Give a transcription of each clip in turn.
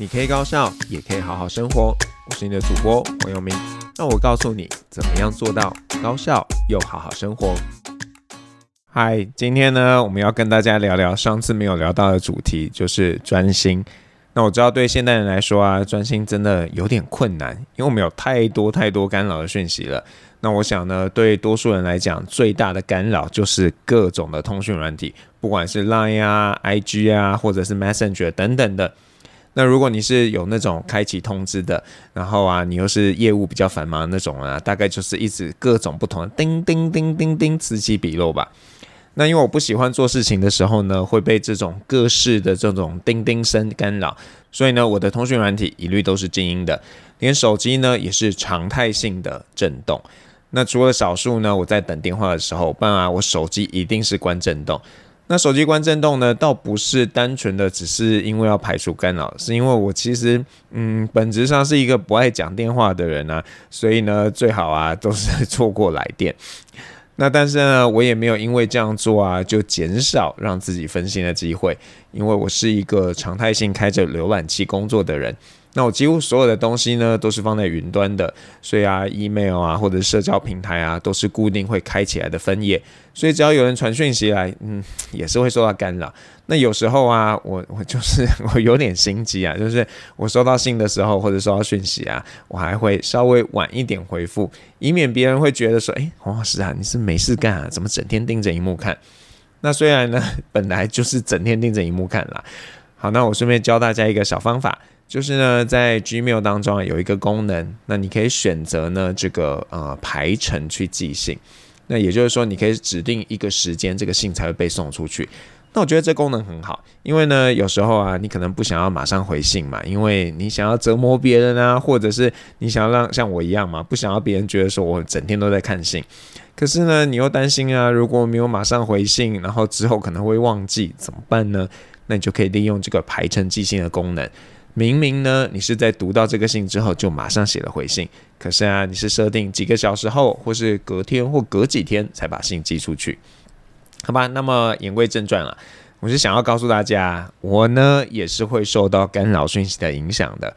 你可以高效，也可以好好生活。我是你的主播黃揚名，那我告訴你怎麼樣做到高效又好好生活。嗨，今天呢，我們要跟大家聊聊上次沒有聊到的主題，就是專心。那我知道對現代人來說啊，專心真的有點困難，因為我們有太多太多干擾的訊息了。那我想呢，對多數人來講，最大的干擾就是各種的通訊軟體，不管是 Line 啊、IG 啊，或者是 Messenger 等等的。那如果你是有那種開啟通知的，然後啊，你又是業務比較繁忙的那種啊，大概就是一直各種不同的叮叮叮叮叮此起彼落吧。那因為我不喜歡做事情的時候呢，會被這種各式的這種叮叮聲干擾，所以呢，我的通訊軟體一律都是靜音的，連手機呢也是常態性的震動。那除了少數呢，我在等電話的時候，不然啊，我手機一定是關震動。那手機關震動呢，倒不是單純的，只是因為要排除干擾，是因為我其實，嗯，本質上是一個不愛講電話的人啊，所以呢，最好啊，都是錯過來電。那但是呢，我也沒有因為這樣做啊，就減少讓自己分心的機會，因為我是一個常態性開着瀏覽器工作的人。那我幾乎所有的東西呢，都是放在雲端的，所以啊，email 啊，或者社交平台啊，都是固定會開起來的分頁，所以只要有人傳訊息來，嗯，也是會受到干擾。那有時候啊，我我就是我有點心急啊，就是我收到信的時候，或者收到訊息啊，我還會稍微晚一點回復，以免別人會覺得說，誒、欸，黃老師啊，你是沒事幹啊，怎麼整天盯着熒幕看？那雖然呢，本來就是整天盯着熒幕看啦。好，那我順便教大家一個小方法。就是呢，在 Gmail 當中啊，有一個功能，那你可以選擇呢，這個呃排程，去寄信，那也就是說，你可以指定一個時間，這個信才會被送出去。那我覺得這功能很好，因為呢有時候啊，你可能不想要馬上回信嘛，因為你想要折磨別人啊，或者是你想要讓像我一樣嘛，不想要別人覺得說我整天都在看信，可是呢你又擔心啊，如果沒有馬上回信，然後之後可能會忘記怎麼辦呢？那你就可以利用這個排程寄信的功能。明明呢，你是在讀到這個信之後就馬上寫了回信，可是啊，你是設定幾個小時後，或是隔天或隔幾天才把信寄出去，好吧？那麼言歸正傳了啊，我是想要告訴大家，我呢也是會受到干擾訊息的影響的。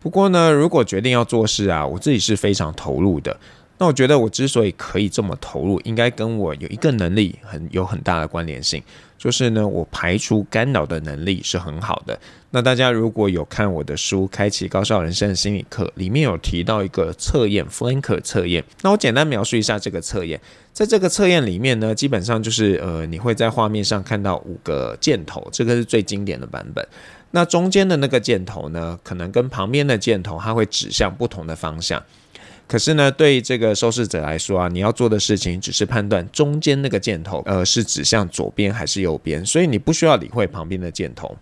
不過呢，如果決定要做事啊，我自己是非常投入的。那我覺得我之所以可以這麼投入，應該跟我有一個能力，很，有很大的關聯性。就是呢，我排除干擾的能力是很好的。那大家如果有看我的書《開啟高效人生的心理課》，裡面有提到一個測驗 ——Flanker 測驗。那我簡單描述一下這個測驗。在這個測驗裡面呢，基本上就是呃，你會在畫面上看到五個箭頭，這個是最經典的版本。那中間的那個箭頭呢，可能跟旁邊的箭頭，它會指向不同的方向。可是呢，對於這個受試者來說啊，你要做的事情只是判斷中間那個箭頭，呃，是指向左邊還是右邊，所以你不需要理會旁邊的箭頭。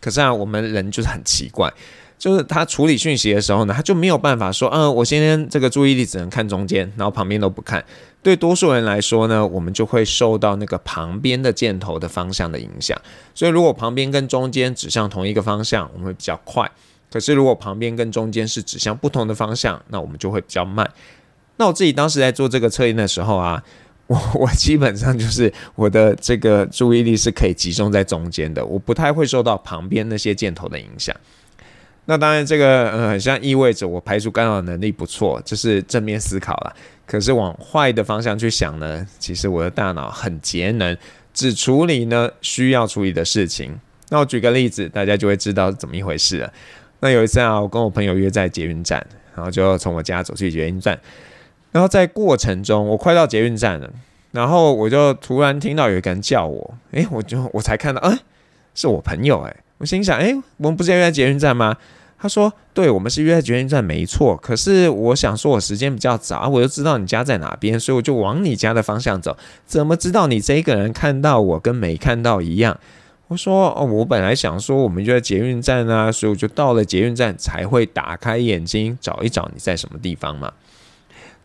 可是啊，我們人就是很奇怪，就是他處理訊息的時候呢，他就沒有辦法說，嗯、呃，我今天這個注意力只能看中間，然後旁邊都不看。對多數人來說呢，我們就會受到那個旁邊的箭頭的方向的影響。所以如果旁邊跟中間指向同一個方向，我們會比較快。可是，如果旁邊跟中間是指向不同的方向，那我們就會比較慢。那我自己當時在做這個測驗的時候啊，我我基本上就是我的這個注意力是可以集中在中間的，我不太會受到旁邊那些箭頭的影響。那當然，這個嗯，好像意味着我排除干擾能力不錯，就是正面思考了。可是往壞的方向去想呢，其實我的大腦很節能，只處理呢需要處理的事情。那我舉個例子，大家就會知道怎麼一回事了。那有一次啊，我跟我朋友約在捷運站，然後就從我家走去捷運站。然後在過程中，我快到捷運站了，然後我就突然聽到有一個人叫我，誒、欸，我就我才看到，誒、欸、是我朋友、欸，誒，我心想，誒、欸，我們不是約在捷運站嗎？他說，對，我們是約在捷運站，沒錯。可是我想說，我時間比較早，我就知道你家在哪邊，所以我就往你家的方向走。怎麼知道你這個人看到我跟沒看到一樣？我說哦，我本來想說，我們就在捷運站啊，所以我就到了捷運站才會打開眼睛找一找你在什麼地方嘛。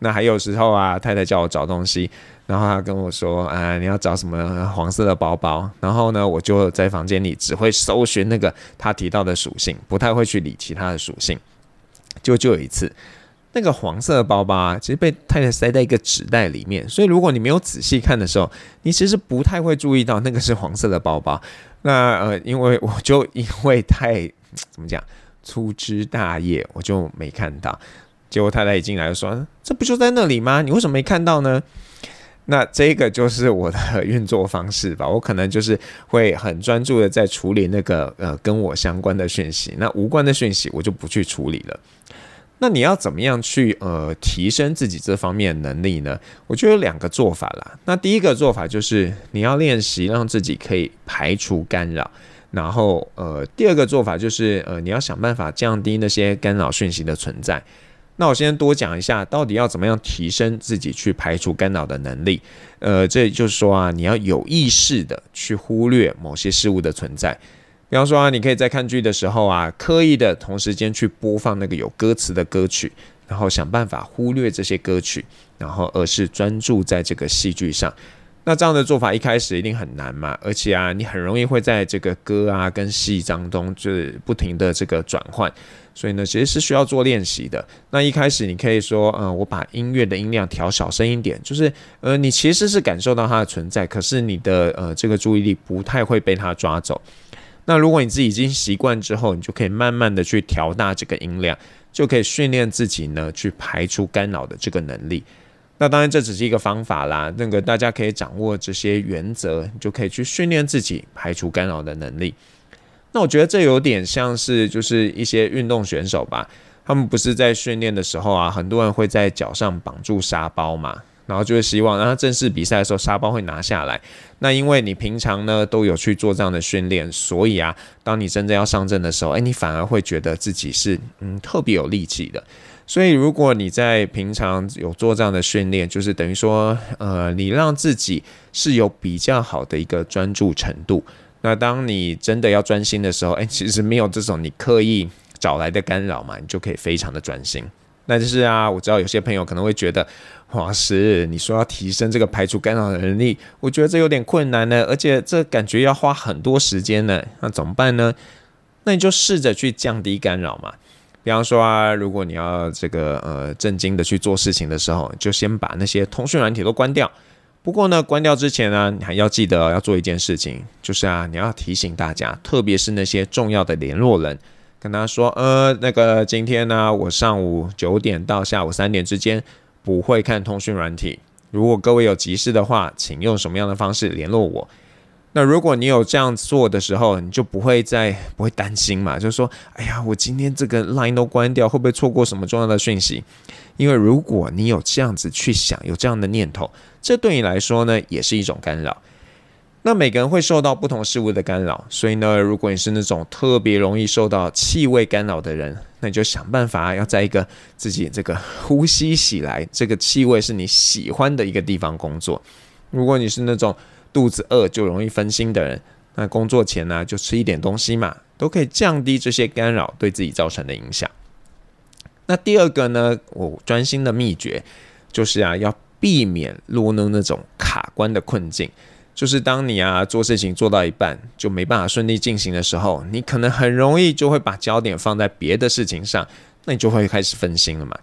那還有時候啊，太太叫我找東西，然後她跟我說啊、哎，你要找什麼黃色的包包，然後呢，我就在房間裡只會搜尋那個她提到的屬性，不太會去理其他的屬性。就就有一次。那個黃色的包包啊，其實被太太塞在一個紙袋裡面，所以如果你沒有仔細看的時候，你其實不太會注意到那個是黃色的包包。那呃，因為我就因為太怎麼講粗枝大葉，我就沒看到。結果太太一進來說：“這不就在那裡嗎？你為什麼沒看到呢？”那這個就是我的運作方式吧。我可能就是會很專注的在處理那個呃跟我相關的訊息，那無關的訊息我就不去處理了。那你要怎麼樣去呃提升自己這方面的能力呢？我覺得有兩個做法啦。那第一個做法就是你要練習讓自己可以排除干擾，然後呃第二個做法就是呃你要想辦法降低那些干擾訊息的存在。那我先多講一下到底要怎麼樣提升自己去排除干擾的能力。呃，這就是說啊，你要有意識的去忽略某些事物的存在。比方說啊，你可以在看劇的時候啊，刻意的同時間去播放那個有歌詞的歌曲，然後想辦法忽略這些歌曲，然後而是專注在這個戲劇上。那這樣的做法一開始一定很難嘛，而且啊，你很容易會在這個歌啊跟戲當中就是不停的這個轉換。所以呢，其實是需要做練習的。那一開始你可以說，嗯，我把音樂的音量調小聲一點，就是呃，你其實是感受到它的存在，可是你的呃這個注意力不太會被它抓走。那如果你自己已經習慣之後，你就可以慢慢的去調大這個音量，就可以訓練自己呢去排除干擾的這個能力。那當然這只是一個方法啦，那個大家可以掌握這些原則，你就可以去訓練自己排除干擾的能力。那我覺得這有點像是就是一些運動選手吧，他們不是在訓練的時候啊，很多人會在腳上綁住沙包嘛。然後就會希望，那正式比賽的時候沙包會拿下來。那因為你平常呢都有去做這樣的訓練，所以啊，當你真正要上陣的時候，誒，你反而會覺得自己是嗯特別有力氣的。所以如果你在平常有做這樣的訓練，就是等於說，呃，你讓自己是有比較好的一個專注程度。那當你真的要專心的時候，誒其實沒有這種你刻意找來的干擾嘛，你就可以非常的專心。那就是啊，我知道有些朋友可能會覺得，哇塞，你說要提升這個排除干擾的能力，我覺得這有點困難呢，而且這感覺要花很多時間呢，那怎麼辦呢？那你就試着去降低干擾嘛。比方說啊，如果你要這個呃正經的去做事情的時候，就先把那些通訊軟體都關掉。不過呢，關掉之前呢，啊，你還要記得要做一件事情，就是啊，你要提醒大家，特別是那些重要的聯絡人。跟他說，呃，那個今天呢、啊，我上午九點到下午三點之間不會看通訊軟體。如果各位有急事的話，請用什麼樣的方式聯絡我？那如果你有這樣做的時候，你就不會再不會擔心嘛，就是說，哎呀，我今天這個 Line 都關掉，會不會錯過什麼重要的訊息？因為如果你有這樣子去想，有這樣的念頭，這對你來說呢，也是一種干擾。那每個人會受到不同事物的干擾，所以呢，如果你是那種特別容易受到氣味干擾的人，那你就想辦法要在一個自己這個呼吸起來這個氣味是你喜歡的一個地方工作。如果你是那種肚子餓就容易分心的人，那工作前呢就吃一點東西嘛，都可以降低這些干擾對自己造成的影響。那第二個呢，我專心的秘訣就是啊，要避免落入那種卡關的困境。就是當你啊做事情做到一半就沒辦法順利進行的時候，你可能很容易就會把焦點放在別的事情上，那你就會開始分心了嘛。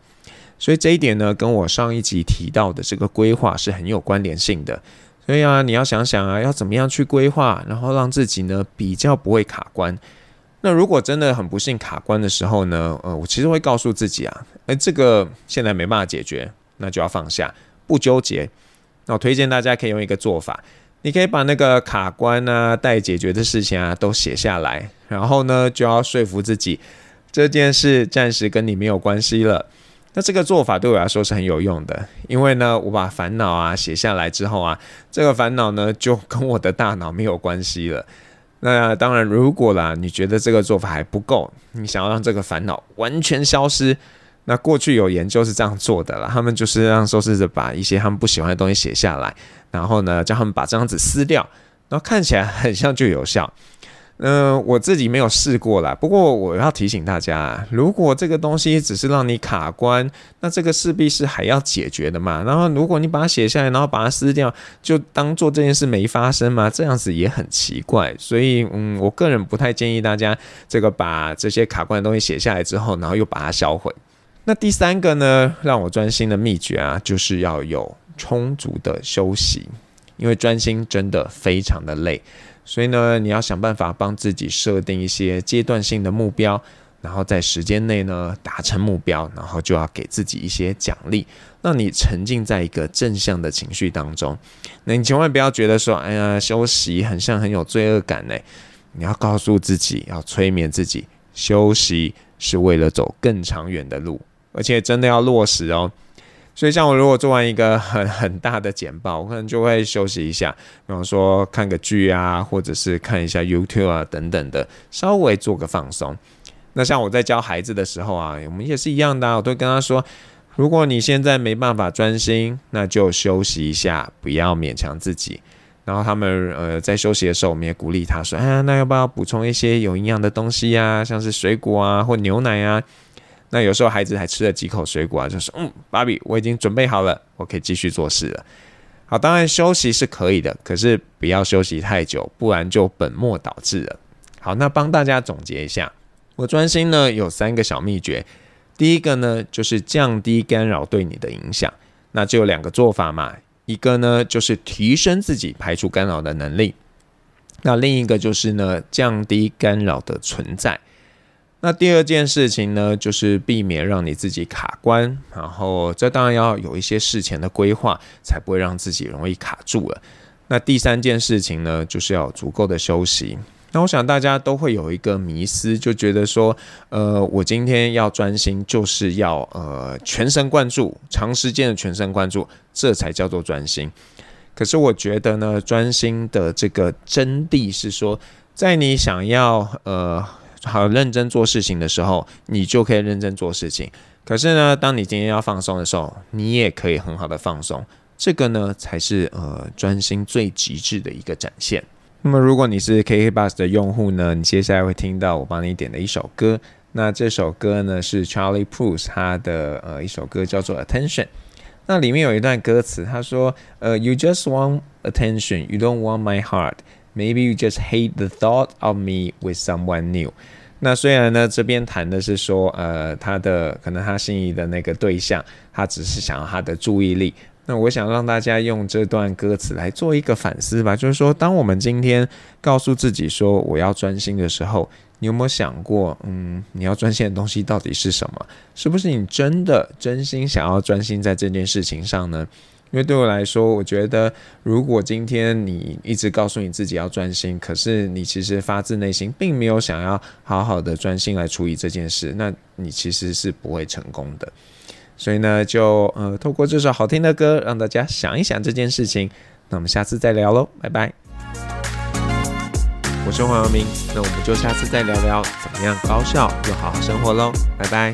所以這一點呢，跟我上一集提到的這個規劃是很有關聯性的。所以啊，你要想想啊，要怎麼樣去規劃，然後讓自己呢比較不會卡關。那如果真的很不幸卡關的時候呢，呃，我其實會告訴自己啊，誒，這個現在沒辦法解決，那就要放下，不糾結。那我推薦大家可以用一個做法。你可以把那個卡關啊、待解決的事情啊都寫下來，然後呢就要說服自己，這件事暫時跟你沒有關係了。那這個做法對我來說是很有用的，因為呢我把煩惱啊寫下來之後啊，這個煩惱呢就跟我的大腦沒有關係了。那當然，如果啦你覺得這個做法還不夠，你想要讓這個煩惱完全消失。那過去有研究是這樣做的了，他們就是讓受試者把一些他們不喜歡的東西寫下來，然後呢，叫他們把這張紙撕掉，然後看起來很像就有效。嗯、呃，我自己沒有試過啦，不過我要提醒大家，如果這個東西只是讓你卡關，那這個勢必是還要解決的嘛。然後如果你把它寫下來，然後把它撕掉，就當做這件事沒發生嘛，這樣子也很奇怪。所以嗯，我個人不太建議大家這個把這些卡關的東西寫下來之後，然後又把它銷毀。那第三個呢，讓我專心的秘訣啊，就是要有充足的休息，因為專心真的非常的累，所以呢，你要想辦法幫自己設定一些階段性的目標，然後在時間內呢，達成目標，然後就要給自己一些獎勵，讓你沉浸在一個正向的情緒當中。那你千萬不要覺得說，哎呀，休息很像很有罪惡感耶，你要告訴自己，要催眠自己，休息是為了走更長遠的路。而且真的要落實哦，所以像我如果做完一個很很大的簡報，我可能就會休息一下，比方說看個劇啊，或者是看一下 YouTube 啊等等的，稍微做個放鬆。那像我在教孩子的時候啊，我們也是一樣的啊，我都跟他說，如果你現在沒辦法專心，那就休息一下，不要勉強自己。然後他們呃在休息的時候，我們也鼓勵他說，哎，那要不要補充一些有營養的東西呀、啊，像是水果啊或牛奶啊。那有時候孩子還吃了幾口水果啊，就是嗯，芭比，我已經準備好了，我可以繼續做事了。好，當然休息是可以的，可是不要休息太久，不然就本末倒置了。好，那幫大家總結一下，我專心呢有三個小秘訣。第一個呢就是降低干擾對你的影響，那就有兩個做法嘛，一個呢就是提升自己排除干擾的能力，那另一個就是呢降低干擾的存在。那第二件事情呢，就是避免讓你自己卡關，然後這當然要有一些事前的規劃，才不會讓自己容易卡住了。那第三件事情呢，就是要有足夠的休息。那我想大家都會有一個迷思，就覺得說，呃，我今天要專心，就是要呃全神貫注，長時間的全神貫注，這才叫做專心。可是我覺得呢，專心的這個真諦是說，在你想要呃。好，認真做事情的時候，你就可以認真做事情。可是呢，當你今天要放鬆的時候，你也可以很好的放鬆。這個呢，才是呃專心最極致的一個展現。那麼，如果你是 KK Bus 的用戶呢，你接下來會聽到我幫你點的一首歌。那這首歌呢是 Charlie Puth 他的呃一首歌叫做 Attention。那裡面有一段歌詞，他說：“呃，You just want attention，you don't want my heart。” Maybe you just hate the thought of me with someone new。那雖然呢，這邊談的是說，呃，他的可能他心儀的那個對象，他只是想要他的注意力。那我想讓大家用這段歌詞來做一個反思吧，就是說，當我們今天告訴自己說我要專心的時候，你有沒有想過，嗯，你要專心的東西到底是什麼？是不是你真的真心想要專心在這件事情上呢？因為對我來說，我覺得如果今天你一直告訴你自己要專心，可是你其實發自內心並沒有想要好好的專心來處理這件事，那你其實是不會成功的。所以呢，就呃，透過這首好聽的歌，讓大家想一想這件事情。那我們下次再聊嘍，拜拜。我是黃耀明，那我們就下次再聊聊怎麼樣高效又好好生活嘍，拜拜。